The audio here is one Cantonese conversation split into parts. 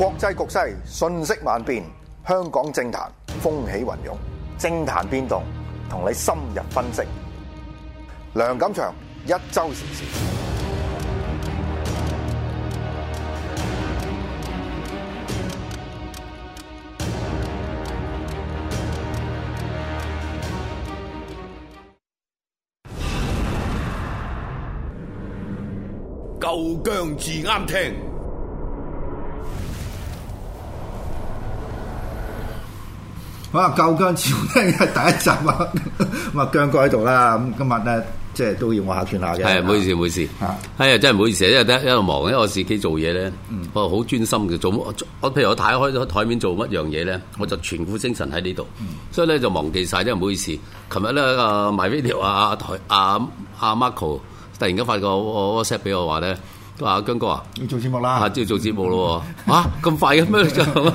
國際局勢瞬息萬變，香港政壇風起雲湧，政壇變動同你深入分析。梁錦祥一周時事，夠姜至啱聽。我話夠姜至啱聽係第一集啊，咁 啊姜哥喺度啦。咁今日咧，即係都要我客串下嘅。係，唔好意思，唔好意思。係啊，真係唔好意思，因為一路忙，因為我自己做嘢咧，我好專心嘅，做我譬如我睇開咗台面做乜樣嘢咧，我就全副精神喺呢度，所以咧就忘記晒。真係唔好意思。琴日咧，啊、uh, 埋 video 啊，台啊啊 Marco 突然間發個 WhatsApp 俾我話咧。阿姜哥啊，要做節目啦，即、啊、要做節目咯喎！嚇、啊、咁快嘅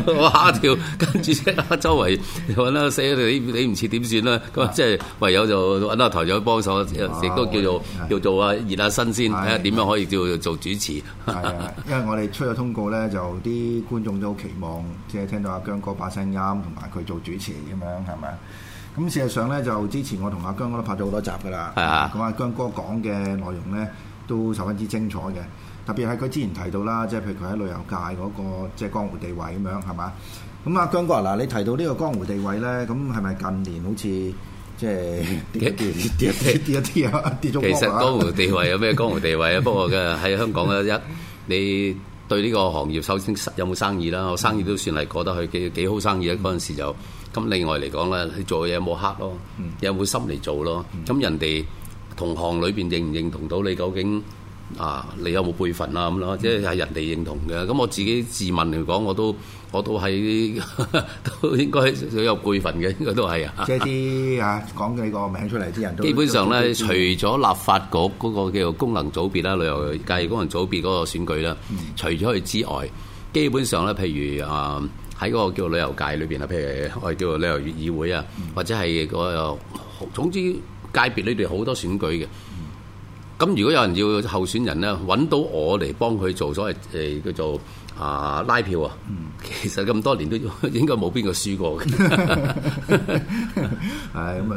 咩？哇！條跟住周圍揾啦，死，你理唔切點算啦？咁即係唯有就揾阿台長幫手，亦、啊、都叫做叫、啊、做阿熱下新鮮，睇下點樣可以叫做做主持。哎哎、因為我哋出咗通告咧，就啲觀眾都好期望即係聽到阿姜哥把聲音，同埋佢做主持咁樣係咪？咁事實上咧，就之前我同阿姜哥都拍咗好多集㗎喇。係、哎、啊，咁阿姜哥講嘅內容咧都十分之精彩嘅。特別係佢之前提到啦，即係譬如佢喺旅遊界嗰個即係江湖地位咁樣，係嘛？咁啊，姜哥嗱，你提到呢個江湖地位咧，咁係咪近年好似即係跌跌跌跌一啲啊？跌咗。其實江湖地位有咩江湖地位啊？ 不過嘅喺香港咧，一你對呢個行業首先有冇生意啦？我生意都算係過得去，幾幾好生意啊！嗰、嗯、時就咁。另外嚟講咧，你做嘢冇黑咯，有冇心嚟做咯。咁、嗯、人哋同行裏邊認唔認同到你究竟？啊！你有冇輩份啊？咁咯，即係人哋認同嘅。咁我自己自問嚟講，我都我都喺 都應該有輩份嘅，應該都係啊。即係啲啊講佢個名出嚟啲人都。基本上咧，除咗立法局嗰個叫做功能組別啦，旅遊界的功能組別嗰個選舉啦、嗯，除咗佢之外，基本上咧，譬如啊，喺嗰個叫做旅遊界裏邊啊，譬如我哋叫做旅遊議會啊，嗯、或者係嗰、嗰個，總之界別裏邊好多選舉嘅。咁如果有人要候選人咧，揾到我嚟幫佢做所謂、呃、叫做啊、呃、拉票啊，嗯、其實咁多年都應該冇邊個輸過嘅、 哎。咁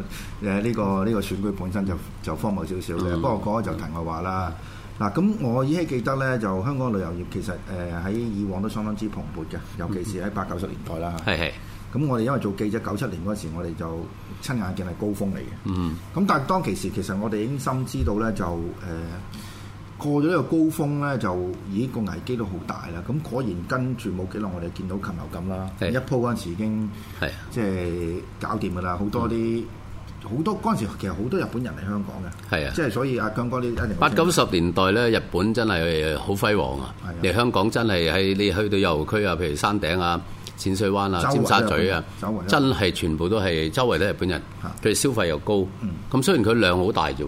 啊呢個呢、呢個選舉本身就就荒謬少少嘅。嗯、不過講就題外話啦、嗯、我話啦。嗱，咁我依家記得咧，就香港旅遊業其實喺、呃、以往都相當之蓬勃嘅，尤其是喺八九十年代啦。嗯是是咁我哋因為做記者，九七年嗰時我哋就親眼見係高峰嚟嘅。咁、嗯、但係當其時，其實我哋已經深知道咧，就、呃、誒過咗呢個高峰咧，就已經個危機都好大啦。咁果然跟住冇幾耐，我哋見到禽流感啦。一鋪嗰陣時已經即係、即係、搞掂噶啦，好多啲。嗯好多嗰陣其實好多日本人嚟香港嘅。係啊，即係所以阿姜哥，你一八九十年代咧，日本真係好輝煌啊！嚟香港真係喺你去到遊區啊，譬如山頂啊、淺水灣啊、尖沙咀啊，真係全部都係周圍都係日本人。譬如消費又高。咁、嗯、雖然佢量好大啫。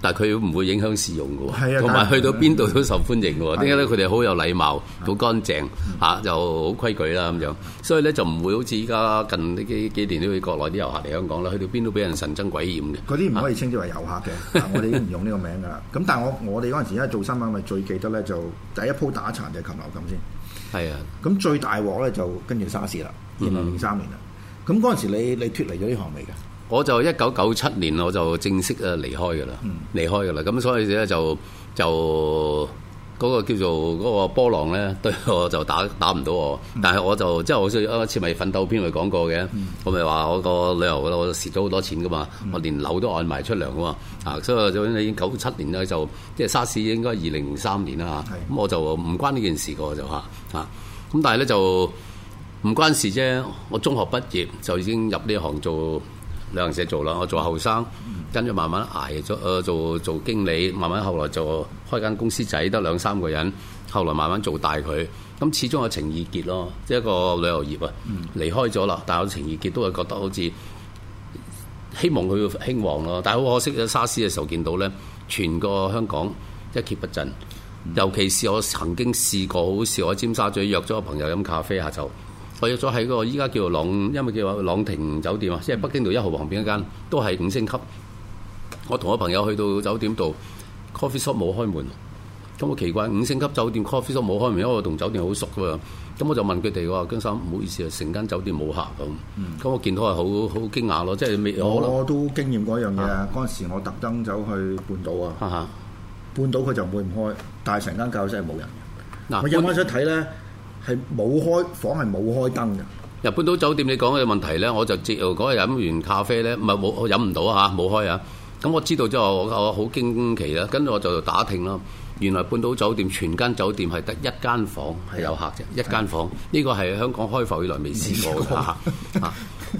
但佢唔會影響市容嘅喎，同埋、啊、去到邊度都受歡迎嘅喎。點解咧？佢哋好有禮貌，好、啊、乾淨嚇，又好、啊啊、規矩啦咁樣、啊。所以咧就唔會好似依家近呢幾，幾年啲國內啲遊客嚟香港啦，去到邊都俾人神憎鬼厭嘅。嗰啲唔可以稱之為遊客嘅、啊啊，我哋已經唔用呢個名㗎啦。咁 但係我我哋嗰陣時因為做新聞咪最記得咧，就第一鋪打殘就係禽流感先。係啊。咁最大鑊咧就跟住沙士啦，二零零三年啦。咁、嗯、嗰、嗯、時你你脱離咗呢行未㗎？我就一九九七年我就正式啊離開嘅啦、嗯，離開嘅啦。咁所以咧就就嗰個叫做嗰個波浪咧，對 我就打打唔到我。嗯、但係我就即係好似一次咪奮鬥篇咪講過嘅、嗯，我咪話我個旅遊度，我蝕咗好多錢噶嘛、嗯，我連樓都按埋出糧噶嘛啊、嗯，所以就已經九七年咧就即係沙士 r s 應該二零零三年啦嚇。咁我就唔關呢件事個就嚇嚇咁，但係咧就唔關事啫。我中學畢業就已經入呢行做。旅行社做啦，我做後生，跟住慢慢捱咗，誒做做，做經理，慢慢後來做開一間公司仔，得兩三個人，後來慢慢做大佢。咁始終有情意結咯，即係一個旅遊業啊，離開咗啦，但係有情意結都係覺得好似希望佢興旺咯。但係好可惜，喺沙士嘅時候見到呢，全個香港一蹶不振。尤其是我曾經試過，好似我尖沙咀約咗個朋友飲咖啡下晝。我約咗喺個依家叫做朗，因為叫朗廷酒店啊，即係北京道一號旁邊的一間，都係五星級。我同我朋友去到酒店度，coffee shop 冇開門，咁好奇怪，五星級酒店 coffee shop 冇開門，因為我同酒店好熟㗎嘛。咁我就問佢哋話：姜生唔好意思啊，成間酒店冇客咁。咁、嗯、我見到係好好驚訝咯，即係未我。我都經驗過一樣嘢啊！嗰陣時我特登走去半島啊，半島佢就唔會唔開，但係成間教室係冇人。嗱、啊，我入去想睇咧。係冇開房，係冇開燈嘅。入、啊、半島酒店，你講嘅問題呢，我就接啊嗰日飲完咖啡呢，唔係冇飲唔到啊嚇，冇開啊。咁、啊、我知道之後，我好驚奇啦、啊。跟住我就打聽咯、啊，原來半島酒店全間酒店係得一間房係有客嘅，一間房呢、呢個係香港開埠以來未試過嘅嚇。咁、啊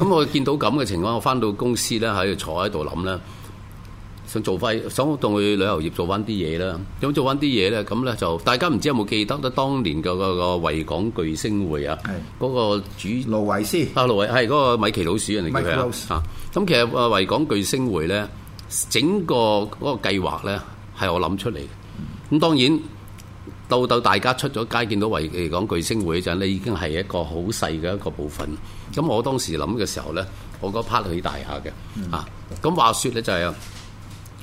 啊、我見到咁嘅情況，我翻到公司呢，喺、啊、度坐喺度諗呢。想做翻，想同佢旅遊業做翻啲嘢啦。咁做翻啲嘢咧，咁咧就大家唔知有冇記得咧？當年嘅、嗰個、嗰個維港巨星匯、嗰個、啊，嗰個主羅維斯啊，羅維係嗰個米奇老鼠啊，人嚟嘅啊。咁其實啊，維港巨星匯咧，整個嗰個計劃咧係我諗出嚟嘅。咁當然到到大家出咗街見到維港巨星匯嗰陣，你已經係一個好細嘅一個部分。咁我當時諗嘅時候咧，我嗰 part 係大下嘅啊。咁話說咧、就係，就係啊。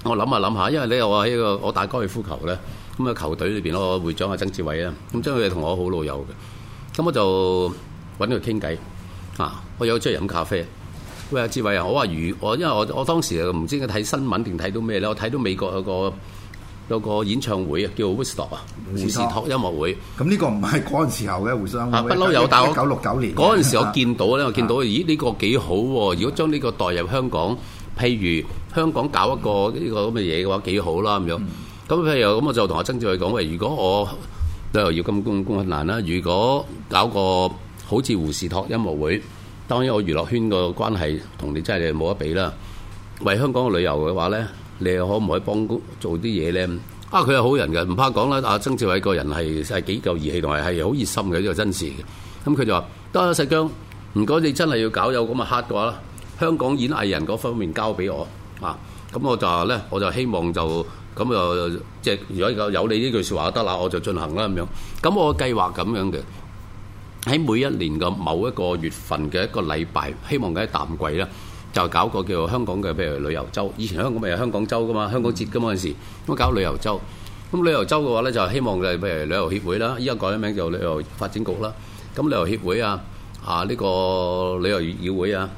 我諗下諗下，因為你又話呢個我打高爾夫球咧，咁啊球隊裏邊嗰個會長啊曾志偉啊。咁將佢同我好老友嘅，咁我就揾佢傾偈啊。我有出去飲咖啡，喂志偉啊，我話如我因為我我當時唔知佢睇新聞定睇到咩咧，我睇到美國有個有個演唱會啊，叫 Woodstock 啊胡士托音樂會。咁呢個唔係嗰陣時候嘅胡士托。不嬲、啊、有，但係我九六九年嗰陣時候我見到咧，我見到、啊、咦呢、呢個幾好喎，如果將呢個代入香港。譬如香港搞一個呢個咁嘅嘢嘅話幾好啦咁樣，咁譬如咁我就同阿曾志偉講喂，如果我旅遊要咁公公困難啦，如果搞個好似胡士托音樂會，當然我娛樂圈個關係同你真係冇得比啦。為香港嘅旅遊嘅話咧，你可唔可以幫工做啲嘢咧？啊，佢係好人嘅，唔怕講啦。阿、啊、曾志偉個人係係幾夠義氣同埋係係好熱心嘅呢、呢個真事嘅。咁佢就話，得啊，石姜，如果你真係要搞有咁嘅黑嘅話咧。香港演藝人嗰方面交俾我啊，咁我就咧，我就希望就咁就即係，如果有有你呢句說話就得啦，我就進行啦咁樣。咁我計劃咁樣嘅喺每一年嘅某一個月份嘅一個禮拜，希望喺淡季啦，就搞個叫做香港嘅譬如旅遊周。以前香港咪有香港周噶嘛，香港節嗰陣時咁搞旅遊周。咁旅遊周嘅話咧，就希望嘅譬如旅遊協會啦，依家改咗名叫旅遊發展局啦。咁旅遊協會啊，啊呢個旅遊業議會啊。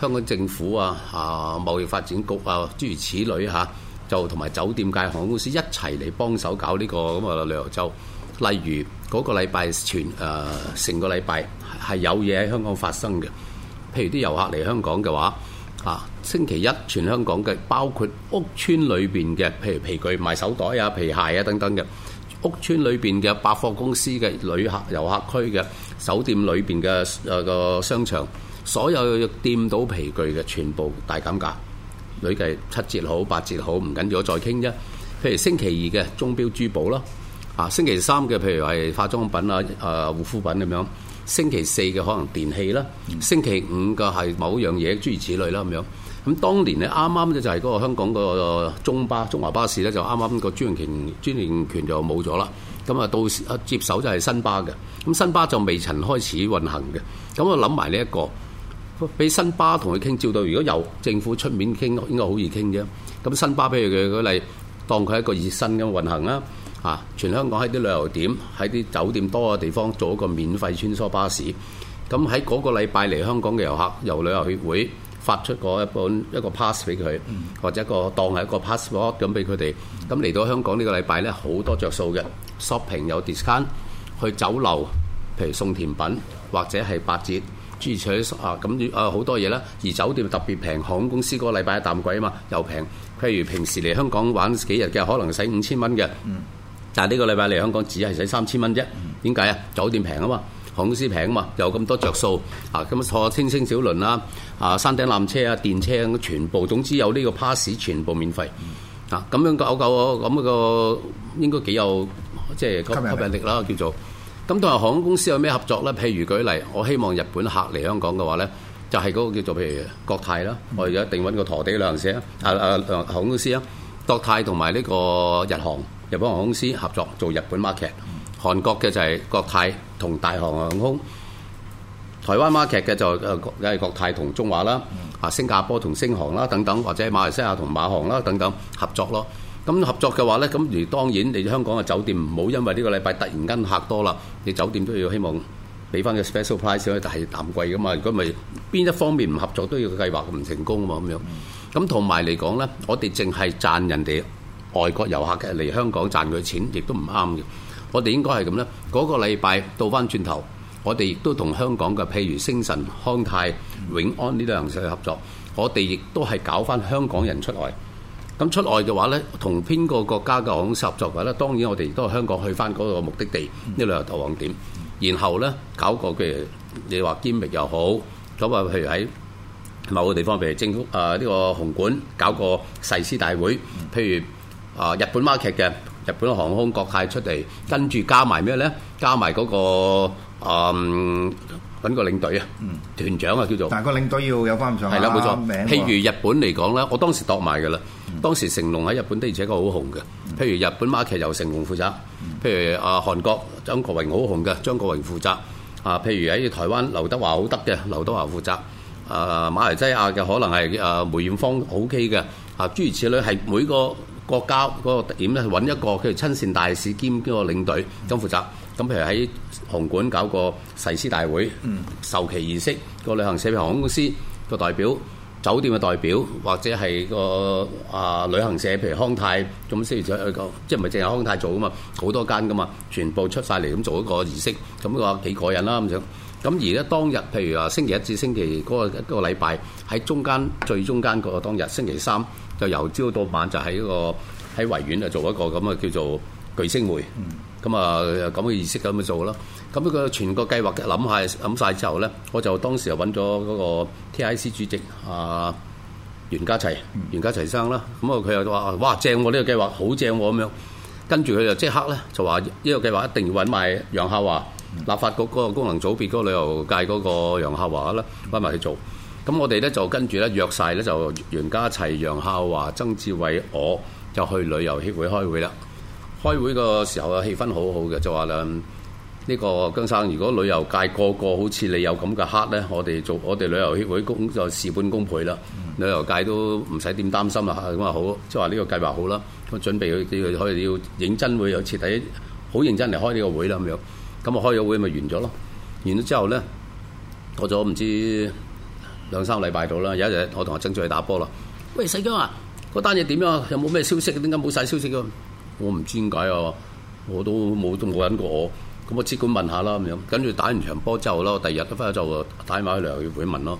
香港政府啊、啊貿易發展局啊，諸如此類嚇、啊，就同埋酒店界航空公司一齊嚟幫手搞呢個咁啊旅遊周。例如嗰、嗰個禮拜全成、呃、個禮拜係有嘢喺香港發生嘅，譬如啲遊客嚟香港嘅話，啊星期一全香港嘅，包括屋邨裏邊嘅，譬如皮具賣手袋啊、皮鞋啊等等嘅，屋邨裏邊嘅百貨公司嘅旅客遊客區嘅酒店裏面嘅、呃那個商場。所有掂到皮具嘅全部大減價，累計七折好八折好，唔緊要再傾啫。譬如星期二嘅鐘錶珠寶啦，啊星期三嘅譬如係化妝品啊、誒護膚品咁樣，星期四嘅可能電器啦，星期五嘅係某樣嘢諸如此類啦咁樣。咁、啊、當年咧啱啱咧就係嗰個香港個中巴中華巴士呢，就啱啱個專營權專營權就冇咗啦，咁啊到時接手就係新巴嘅，咁、啊、新巴就未曾開始運行嘅，咁、啊、我諗埋呢一個。俾新巴同佢傾，照到如果由政府出面傾，應該好易傾啫。咁新巴譬如佢佢嚟當佢係一個熱身咁運行啦，啊！全香港喺啲旅遊點、喺啲酒店多嘅地方做一個免費穿梭巴士。咁喺嗰個禮拜嚟香港嘅遊客，由旅遊協會發出過一本一個 pass 俾佢，或者一個當係一個 passport 咁俾佢哋。咁嚟到香港呢個禮拜呢，好多著數嘅 shopping 有 discount，去酒樓譬如送甜品或者係八折。住住啊，咁啊好多嘢啦。而酒店特別平，航空公司嗰個禮拜一淡季啊嘛，又平。譬如平時嚟香港玩幾日嘅，可能使五千蚊嘅，但係呢個禮拜嚟香港只係使三千蚊啫。點解啊？酒店平啊嘛，航空公司平啊嘛，有咁多着數啊。咁坐天星小輪啦，啊，山頂纜車啊，電車咁全部，總之有呢個 pass 全部免費。啊，咁樣搞搞，咁個應該幾有即係吸引力啦，叫做。咁同航空公司有咩合作咧？譬如舉例，我希望日本客嚟香港嘅話咧，就係、是、嗰個叫做譬如國泰啦，我而家一定揾個陀地旅行社啊啊航空公司啊，國泰同埋呢個日航日本航空公司合作做日本 market，韓國嘅就係國泰同大韓航空，台灣 market 嘅就係國泰同中華啦，啊新加坡同星航啦等等，或者馬來西亞同馬航啦等等合作咯。咁合作嘅話咧，咁如當然你香港嘅酒店唔好因為呢個禮拜突然間客多啦，你酒店都要希望俾翻個 special price，因為係淡季嘅嘛。如果咪邊一方面唔合作，都要計劃唔成功嘅嘛。咁樣，咁同埋嚟講咧，我哋淨係賺人哋外國遊客嘅嚟香港賺佢錢，亦都唔啱嘅。我哋應該係咁咧，嗰個禮拜倒翻轉頭，我哋亦都同香港嘅譬如星晨、康泰、永安呢啲旅行社合作，我哋亦都係搞翻香港人出嚟。咁出外嘅話咧，同邊個國家嘅航空公司合作嘅咧？當然我哋都係香港去翻嗰個目的地呢兩頭航點，然後咧搞個譬如你話兼職又好，咁啊，譬如喺某個地方，譬如政府啊呢個紅館搞個誓師大會，譬如啊日本 market 嘅日本航空國泰出嚟，跟住加埋咩咧？加埋嗰個啊揾個領隊啊，嗯，團長啊叫做，但係個領隊要有翻咁上下，係啦，冇錯，名。譬如日本嚟講咧，我當時度埋㗎啦。當時成龍喺日本很的而且確好紅嘅，譬如日本馬劇由成龍負責；譬如啊韓國張國榮好紅嘅，張國榮負責；啊譬如喺台灣劉德華好得嘅，劉德華負責；啊馬來西亞嘅可能係啊梅艷芳好 K 嘅；啊諸如此類，係每個國家嗰個點咧揾一個譬如親善大使兼嗰個領隊咁負責。咁譬如喺紅館搞個誓師大會，授旗儀式，個旅行社同航空公司個代表。酒店嘅代表或者係個啊、呃、旅行社，譬如康泰咁先嚟做一個，即係唔係淨係康泰做啊嘛？好多間噶嘛，全部出晒嚟咁做一個儀式，咁嘅話幾過癮啦咁樣。咁而咧當日，譬如話星期一至星期嗰、那個一禮拜喺中間最中間個當日星期三，就由朝到晚就喺個喺維園啊做一個咁啊叫做巨星匯。嗯咁啊，咁嘅意識咁去做啦，咁呢個全個計劃嘅諗下諗晒之後咧，我就當時又揾咗嗰個 TIC 主席啊袁家齊、袁家齊生啦。咁啊，佢又話：哇正喎，呢個計劃好正喎、啊、咁樣。跟住佢就即刻咧就話：呢、呢個計劃一定要揾埋楊孝華、嗯，立法局嗰個功能組別嗰個旅遊界嗰個楊孝華啦，返埋去做。咁我哋咧就跟住咧約晒咧就袁家齊、楊孝華、曾志偉，我就去旅遊協會開會啦。開會個時候嘅氣氛好好嘅，就話啦，呢、嗯這個姜生，如果旅遊界個個，個好似你有咁嘅黑咧，我哋做我哋旅遊協會工，工作事半功倍啦。Mm -hmm. 旅遊界都唔使點擔心啦，咁啊好，即係話呢個計劃好啦，準備要可以要，要認真會又徹底好認真嚟開呢個會啦咁樣。咁啊開咗會咪完咗咯，完咗之後咧過咗唔知兩三個禮拜到啦。有一日我同阿曾俊去打波啦，喂細姜啊，嗰單嘢點啊？又有冇咩消息？點解冇晒消息我唔知點解啊！我都冇都冇人過我，咁我只管問下啦咁樣。跟住打完場波之後啦，我第二日都翻去就打電話去旅遊協會問咯。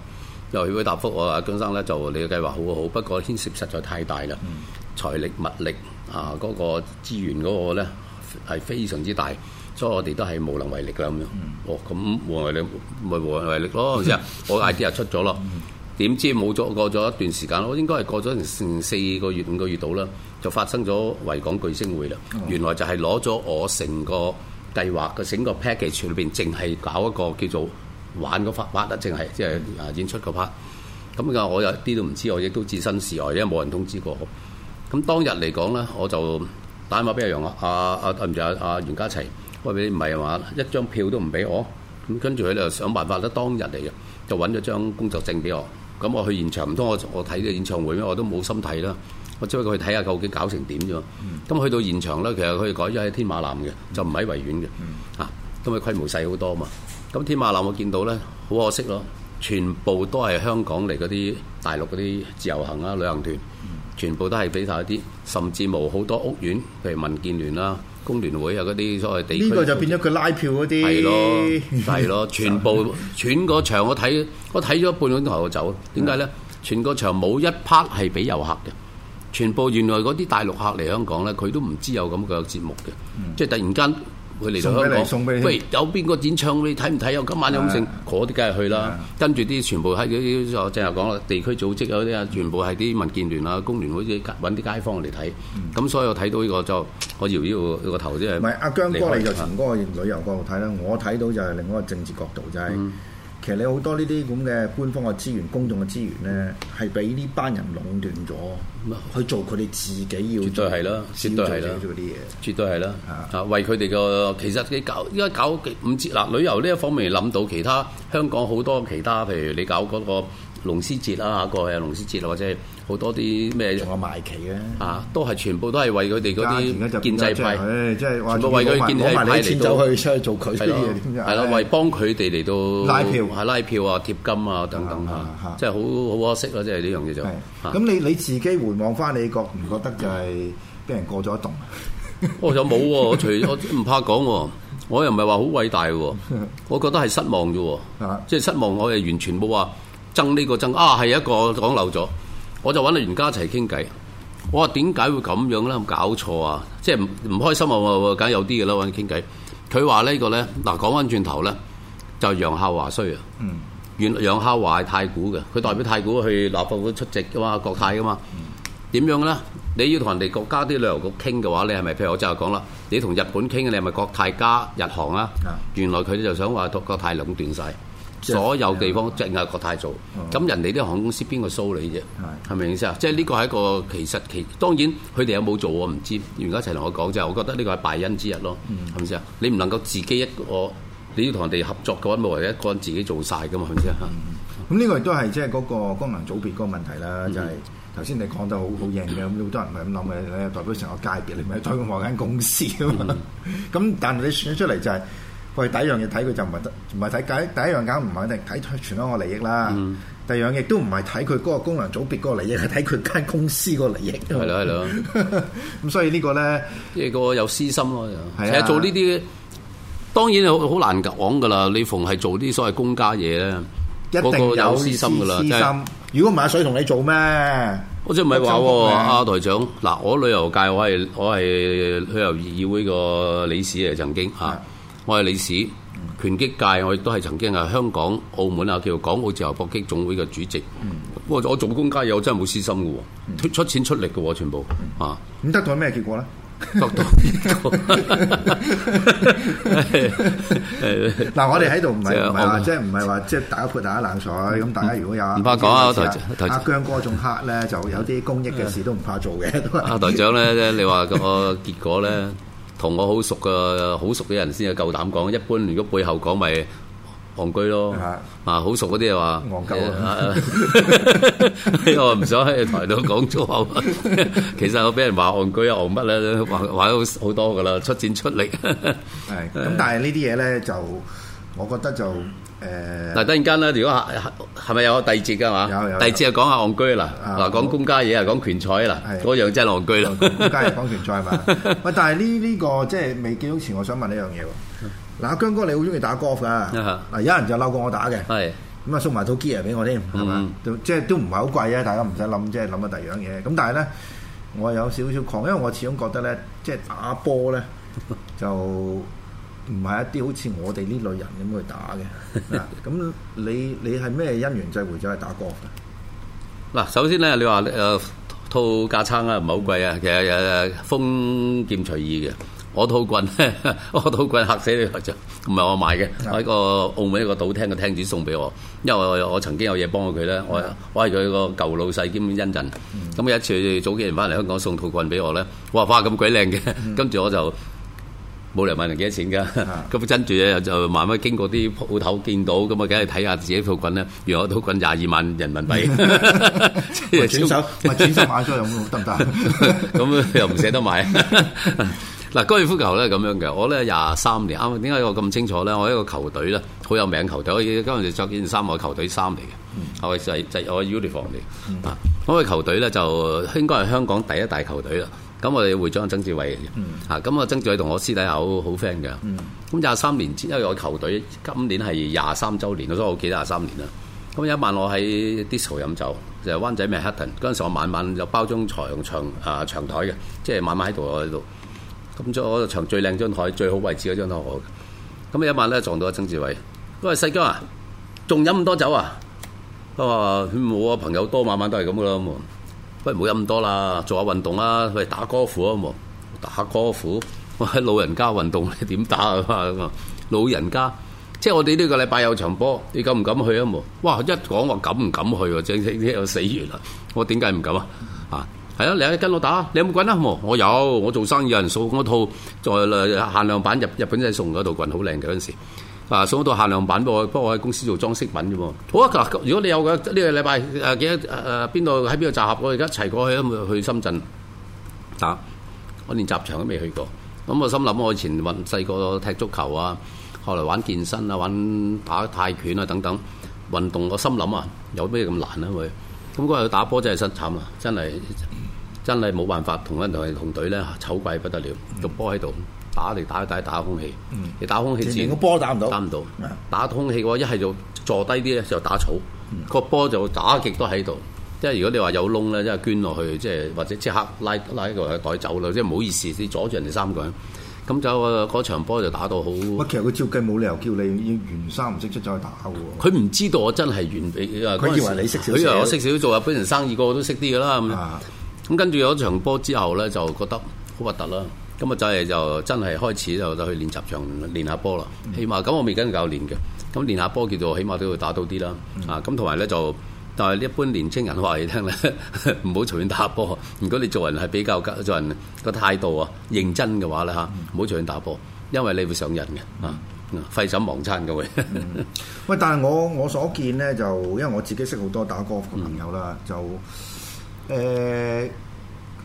旅遊協會答覆我話：姜生咧就你嘅計劃好好，不過牽涉實在太大啦、嗯，財力物力啊，嗰、嗰個資源嗰個咧係非常之大，所以我哋都係無能為力㗎咁樣。哦，咁無能為力，咪無能為力咯，唔知 我 idea 出咗咯。 點知冇咗過咗一段時間咯，我應該係過咗成四個月五個月到啦，就發生咗維港巨星匯啦、嗯。原來就係攞咗我成個計劃個整個 package 裏面淨係搞一個叫做玩個 part，淨係即係啊演出個 part。咁、嗯、我有啲都唔知，我亦都置身事外，因為冇人通知過。咁當日嚟講咧，我就打電話俾阿楊啊、對唔住阿阿袁家齊，我話你唔係嘛，一張票都唔俾我。咁跟住佢就想辦法咧，當日嚟嘅就揾咗張工作證俾我。咁我去現場，唔通我我睇嘅演唱會咩？我都冇心睇啦，我只不過去睇下究竟搞成點啫。咁、mm. 去到現場呢，其實佢哋改咗喺天馬南嘅就唔喺維園嘅嚇，因、mm. 為、啊、規模細好多啊嘛。咁天馬南我見到呢，好可惜咯，全部都係香港嚟嗰啲大陸嗰啲自由行啊旅行團，mm. 全部都係俾晒啲，甚至冇好多屋苑，譬如民建聯啦。工聯會啊，嗰啲所謂地區，呢、這個就變咗佢拉票嗰啲，係咯，係咯，全部 全個場，我睇我睇咗半個鐘頭就走，點解咧？全個場冇一 part 係俾遊客嘅，全部原來嗰啲大陸客嚟香港咧，佢都唔知有咁嘅節目嘅、嗯，即係突然間。佢嚟到香港，喂，送你有邊個演唱會？你睇唔睇啊？今晚有冇剩？嗰啲梗係去啦，跟住啲全部喺嗰正話講啦，地區組織嗰啲啊，全部係啲民建聯啊、工聯會啲揾啲街坊嚟睇。咁、嗯、所以我睇到呢、呢個就我搖呢個呢個頭，即係唔係阿姜哥你嚟就從嗰個旅遊角度睇啦。我睇到就係另外一個政治角度就係、是。嗯其實你好多呢啲咁嘅官方嘅資源、公眾嘅資源咧，係俾呢班人壟斷咗，去做佢哋自己要做嘅，絕對係啦，絕對係啦，啦，絕對係啦，啊，為佢哋個其實你搞依家搞五折嗱，旅遊呢一方面諗到其他香港好多其他譬如你搞嗰個。龍獅節啦嚇，個係龍獅節啊，或者係好多啲咩，仲有賣旗嘅、啊，嚇、啊，都係全部都係為佢哋嗰啲建制派，就是、全部，就是哎就是、全部為佢建制派嚟，攞走去，去出去做佢哋啲嘢，係咯，為幫佢哋嚟到拉票嚇，拉票，拉票啊、貼金啊等等嚇、啊啊啊，即係好好可惜咯，即係呢樣嘢就咁你你自己回望翻你，你覺唔覺得就係俾人過咗一盪、 啊啊？我又冇喎，我除我唔怕講喎，我又唔係話好偉大喎，我覺得係失望啫喎、啊啊，即係失望，我係完全冇話、啊。爭呢個爭啊，係一個講漏咗，我就揾阿袁家一齊傾偈。我話點解會咁樣咧？搞錯啊！即係唔唔開心啊！咁梗係有啲嘅啦，揾佢傾偈。佢話呢個咧嗱，講翻轉頭咧，就係、是、楊孝華衰啊。嗯，原楊孝華係太古嘅，佢代表太古去立法會出席㗎嘛，國泰㗎嘛。點樣咧？你要同人哋國家啲旅遊局傾嘅話，你係咪譬如我就係講啦？你同日本傾，你係咪國泰加日航啊、嗯？原來佢就想話國泰壟斷曬。所有地方即係國泰做，咁人哋啲航空公司邊個收你啫？係咪啊？即係呢個係一個其實其當然佢哋有冇做我唔知，而家一齊同我講，係我覺得呢個係敗因之一咯，係咪先啊？你唔能夠自己一個，你要同人哋合作嘅話，冇人一個人自己做晒噶嘛？係咪先？咁呢個亦都係即係嗰個功能組別嗰個問題啦、嗯。就係頭先你講得好好型嘅，咁、嗯、好多人唔係咁諗嘅，代表成個界別、嗯、你咪代表何間公司啊嘛？咁、嗯、 但係你選出嚟就係、是。喂，第一樣嘢睇佢就唔係得，唔係睇第一第一樣梗唔係一定，睇全港個利益啦。嗯、第二樣嘢都唔係睇佢嗰個功能組別嗰個利益，係睇佢間公司個利益的。係啦，係啦。咁所以呢個呢個咧，即、這、係個有私心咯。係啊，做呢啲當然好好難講噶啦。你逢係做啲所謂公家嘢咧，一定有私心噶啦。如果唔係，阿水同你做咩？我即係唔係話阿台長嗱，我旅遊界我係，我係我係旅遊議會個理事啊，曾經嚇。我係理事拳擊界，我亦都係曾經係香港、澳門啊，叫做港澳自由搏擊總會嘅主席。不、嗯、過我做公家嘢，我真係冇私心嘅喎，出錢出力嘅喎，全部、嗯、啊。咁得到咩結果咧？得到。嗱， 我哋喺度唔係唔係話，即係唔係話，即係大家潑大家冷水。咁大家如果有唔怕講啊，台長阿、啊、姜哥仲黑咧，就有啲公益嘅事都唔怕做嘅。阿、嗯啊、台長咧，你話個結果咧。同我好熟嘅好熟嘅人先有夠膽講，一般如果背後講咪戇居咯。啊，好熟嗰啲又話戇鳩啊！ 我唔想喺台度講粗口。其實我俾人話戇居啊，戇乜咧？話咗好好多噶啦，出錢出力。係、嗯、咁， 但係呢啲嘢咧就，我覺得就。誒、呃，嗱，突然間咧，如果係咪有第二節嘅嘛？有有，有。第二節就啊，講下戇居啦，嗱講公家嘢啊，講拳賽啦，嗰樣真係戇居啦。公家講拳賽嘛？喂，但係呢呢個即係未幾到前，我想問呢樣嘢喎。嗱， 姜哥，你好中意打 golf 㗎？嗱， 有人就嬲過我打嘅。係。 咁啊，送埋套 gear 俾我添，係嘛？即係都唔係好貴啊，大家唔使諗，即係諗啊第二樣嘢。咁但係咧，我有少少狂，因為我始終覺得咧，即係打波咧就。唔係一啲好似我哋呢類人咁去打嘅，嗱， 咁你你係咩姻緣際會就去打鼓嗱，首先咧，你話誒套架撐啊，唔係好貴啊，其實誒豐儉隨意嘅，我套棍， 我套棍嚇死你就，唔係我買嘅，喺個澳門一個賭廳嘅廳主送俾我，因為我曾經有嘢幫過佢咧，是的我我係佢個舊老細兼恩人，咁、嗯、有一次早幾年翻嚟香港送套棍俾我咧，哇哇咁鬼靚嘅，跟住、嗯、我就。冇嚟問人幾多錢噶，咁跟住咧就慢慢經過啲鋪頭見到，咁啊，梗係睇下自己套裙啦。原來套裙廿二萬人民幣，轉 轉手，咪 轉手買咗 又得唔得？咁又唔捨得買。嗱 高爾夫球咧咁樣嘅，我咧廿三年，啱點解我咁清楚咧？我一個球隊咧，好有名球隊，我今次我着件衫係球隊衫嚟嘅，係咪就係就我 uniform 嚟啊？我嘅球隊咧、嗯就是嗯那個、就應該係香港第一大球隊啦。咁我哋會長曾志偉，嚇、嗯、咁啊！曾志偉同我私底下好 friend 嘅，咁廿三年前因為我球隊今年係廿三週年，所以我記得廿三年啦。咁有一晚我喺 disco 飲酒，就係、灣仔咩 Hutton 嗰陣時我、啊，我晚晚有包張長長啊長台嘅，即係晚晚喺度喺度。咁將我個場最靚張台、最好位置嗰張都係我嘅。咁有一晚咧撞到阿曾志偉，喂，話細哥啊，仲飲咁多酒啊？我話冇啊，朋友多晚晚都係咁噶啦咁。喂不唔好飲咁多啦，做下運動啊！喂，打歌壺啊冇，打歌壺！我喺老人家運動，你點打啊？老人家，即係我哋呢個禮拜有場波，你敢唔敢去啊冇？哇！一講話敢唔敢去喎，正正又死完啦！我點解唔敢 啊？啊，係啊，你跟我打，你有冇棍啊？我有，我做生意有人送我套再限量版日日本仔送嗰套棍，好靚嘅嗰陣時。啊，送到限量版俾我，幫我喺公司做裝飾品啫，好啊，如果你有嘅呢個禮拜誒幾誒誒邊度喺邊度集合？我而家一齊過去去深圳打，打我連習場都未去過。咁我心諗，我以前運細個踢足球啊，後來玩健身啊，玩打泰拳啊等等運動，我心諗啊，有咩咁難啊？佢咁嗰日打波真係失慘啊，真係真係冇辦法同一隊同隊咧，醜鬼不得了，個波喺度。嗯打嚟打去打打下空氣，你、嗯、打空氣自然連個波打唔到，打唔到、嗯。打空氣嘅話，一係就坐低啲咧，就打草。嗯，那個波就打極都喺度、嗯。即係如果你說有話有窿咧，即係捐落去，即係或者即刻拉拉一個袋走啦。即係唔好意思，你阻住人哋三個人。咁就嗰場波就打到好。乜其實佢照計冇理由叫你要完生唔識出走去打嘅喎。佢唔知道我真係完，佢以為你識少少。佢以為我識少少做日本人生意，個個都識啲嘅啦。咁跟住有一場波之後咧，就覺得好核突啦。咁啊，就係就真係開始就就去練習場練下波啦、嗯。起碼咁我未跟教練嘅，咁練下波叫做起碼都要打到啲啦、嗯。啊，咁同埋咧就，但係一般年青人話你聽咧，唔好隨便打波。如果你做人係比較，做人個態度啊認真嘅話咧，唔好隨便打波，因為你會上癮嘅、嗯、啊，廢寢忘餐嘅會。喂、嗯， 但係我我所見咧就，因為我自己識好多打 golf 嘅朋友啦、嗯，就誒。呃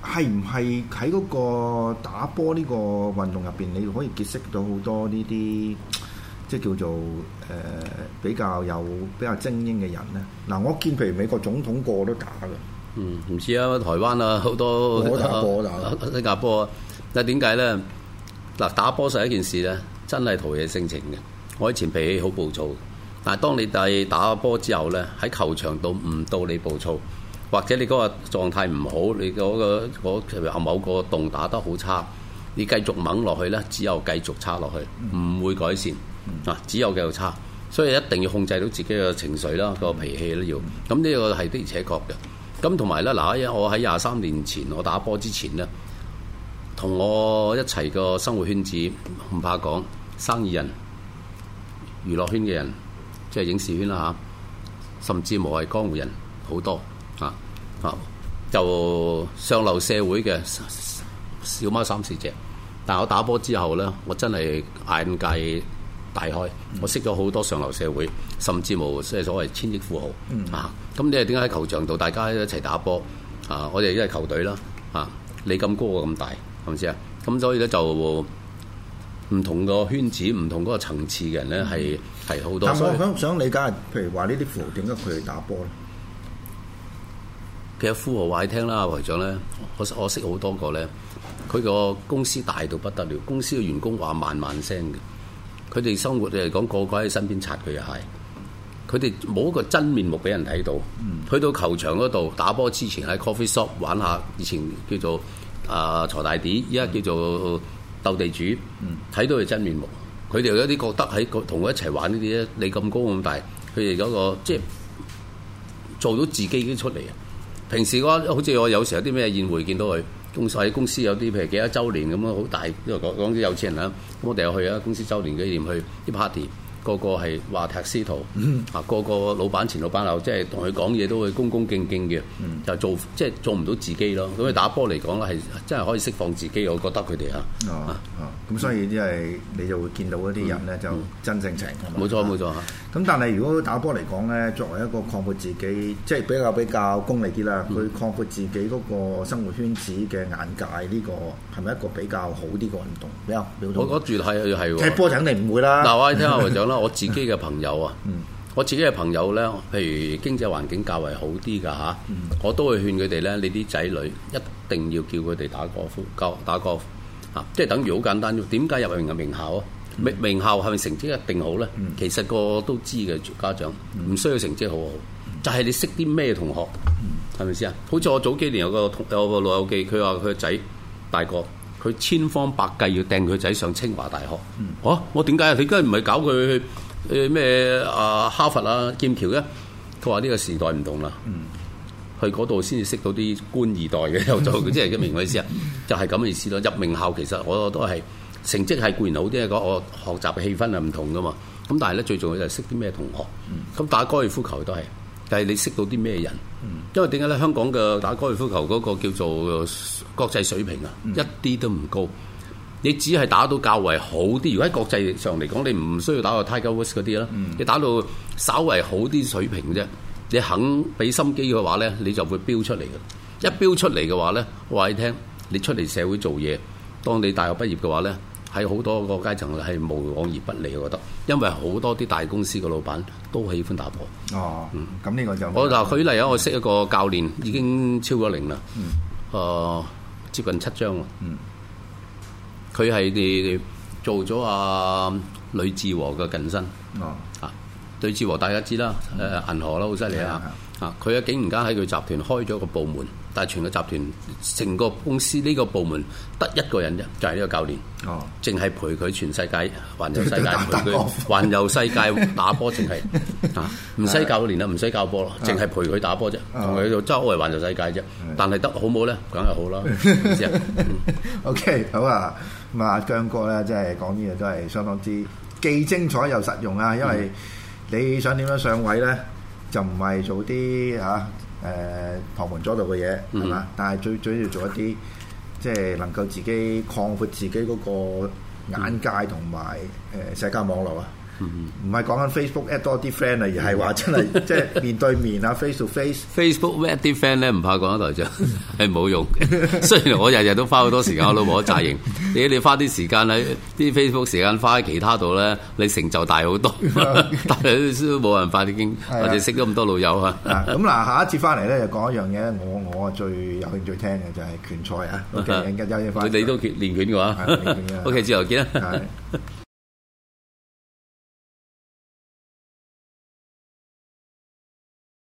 係唔係喺嗰個打波呢個運動入邊，你可以結識到好多呢啲即係叫做誒、呃、比較有比較精英嘅人咧？嗱、啊，我見譬如美國總統個個都打嘅，嗯，唔知啊，台灣啊好多，我打過新加坡。但係點解咧？嗱打波實一件事咧，真係陶冶性情嘅。我以前脾氣好暴躁，但係當你第打波之後咧，喺球場度唔到你暴躁。或者你嗰個狀態唔好，你嗰、嗰個嗰譬、嗰個、某個洞打得好差，你繼續掹落去呢，只有繼續差落去，唔會改善啊，只有繼續差。所以一定要控制到自己嘅情緒啦，個脾氣咧要。咁呢個係的而且確嘅。咁同埋呢，嗱，我喺廿三年前我打波之前呢，同我一齊個生活圈子唔怕講，生意人、娛樂圈嘅人，即、就、係、是、影視圈啦嚇，甚至無係江湖人好多。啊、就上流社會嘅小貓三四隻，但我打波之後咧，我真係眼界大開，我識咗好多上流社會，甚至乎即係所謂千億富豪、嗯、啊！咁你係點解喺球場度大家一齊打波啊？我哋一係係球隊啦啊！你咁高我咁大係咪先啊？咁所以咧就唔同個圈子、唔同嗰個層次嘅人咧係係好多。但係我想想理解，譬如話呢啲富豪點解佢哋打波咧？嘅富豪話：你聽啦，阿財長咧，我我識好多個咧，佢個公司大到不得了，公司嘅員工話萬萬聲嘅。佢哋生活嚟講，個個喺身邊擦佢嘅鞋。佢哋冇一個真面目俾人睇到。去到球場嗰度打波之前，喺 coffee shop 玩一下，以前叫做啊鋤大 D，依家叫做鬥地主，睇、嗯、到佢真面目。佢哋有啲覺得喺同佢一齊玩呢啲咧，你咁高咁大，佢哋嗰個即係、就是、做到自己已經出嚟啊！平時嘅話，好似我有時候有啲咩宴會見到佢，公司喺公司有啲譬如幾多周年咁樣好大，因為講講啲有錢人啦，咁我哋又去啊公司周年紀念去啲 party，個個係話踢司徒啊，個個老闆前老闆後即係同佢講嘢都會恭恭敬敬嘅、嗯，就做即係做唔到自己咯。咁、嗯、佢打波嚟講咧係真係可以釋放自己，我覺得佢哋嚇。咁、啊啊啊啊啊啊、所以即係、啊、你就會見到嗰啲人咧、嗯、就真性情。冇、嗯、錯冇、啊、錯嚇。咁但係如果打波嚟講咧，作為一個擴闊自己，即係比較比較功利啲啦，去擴闊自己嗰個生活圈子嘅眼界呢、呢個係咪一個比較好啲嘅運動？比較要我覺得絕對係係喎。踢波就肯定唔會啦。嗱，我哋聽下胡講啦，我自己嘅朋友啊， 我自己嘅朋友咧，譬如經濟環境較為好啲㗎吓， 我都會勸佢哋咧，你啲仔女一定要叫佢哋打哥夫，打哥夫，即係等於好簡單，點解入唔入名校啊？名校係咪成績一定好咧，嗯？其實個都知嘅家長，唔需要成績好好，就係、是、你識啲咩同學，係咪先啊？好似我早幾年有個同有個老友記，佢話佢個仔大個，佢千方百計要掟佢仔上清華大學。我，我點解啊？佢梗係唔係搞佢去咩啊哈佛啊劍橋嘅，啊？佢話呢個時代唔同啦，嗯，去嗰度先至識到啲官二代嘅，有 做即係明我意思啊？就係咁嘅意思咯。入名校其實我都係。成績係固然好啲，個我學習嘅氣氛係唔同噶嘛。咁但係咧，最重要就係識啲咩同學。咁、嗯、打高爾夫球都係，但係你識到啲咩人、嗯？因為點解咧？香港嘅打高爾夫球嗰個叫做國際水平啊、嗯，一啲都唔高。你只係打到較為好啲。如果喺國際上嚟講，你唔需要打個 Tiger Woods 嗰啲啦。你打到稍為好啲水平啫。你肯俾心機嘅話咧，你就會飆出嚟嘅。一飆出嚟嘅話咧，我話你聽，你出嚟社會做嘢，當你大學畢業嘅話咧。喺好多個階層係無往而不利，我覺得，因為好多啲大公司嘅老闆都喜歡打波。哦，嗯，咁呢個就我就舉例啊，我識一個教練已經超過零啦，嗯，誒、呃、接近七張喎，嗯，佢係哋做咗啊呂志和嘅近身，哦，啊呂志和大家知啦，誒、嗯呃、銀河啦好犀利啊。佢啊，竟然而家喺佢集團開咗個部門，但係全個集團、成個公司呢個部門得一個人啫，就係、是、呢個教練，淨、哦、係陪佢全世界環遊世界打陪佢環遊世界打波，淨係唔使教練啦，唔使教波咯，淨係陪佢打波啫，同佢做周圍環遊世界啫。但係得好唔好咧？梗係好啦。O K，好啊，阿姜哥咧，即係講啲嘢都係相當之既精彩又實用啊！因為你想點樣上位咧？就唔係做啲嚇誒旁門左道嘅嘢，係、嗯、嘛？但係最主要做一啲即係能夠自己擴闊自己嗰個眼界同埋誒社交網絡啊。唔係講緊 Facebook add 多啲 friend 啊，而係話真係即係面對面啊 ，face to face Facebook。Facebook add 啲 friend 咧，唔怕講大代就，係冇用。雖然我日日都花好多時間都冇得扎型，你你花啲時間喺啲 Facebook 時間花喺其他度咧，你成就大好多。 但都冇人發啲經， 或者識咗咁多老友啊。咁 嗱，下一次翻嚟咧，就講一樣嘢，我我最有興趣最聽嘅就係拳賽 啊。O K，你都都練拳嘅話，O K，之後見啦。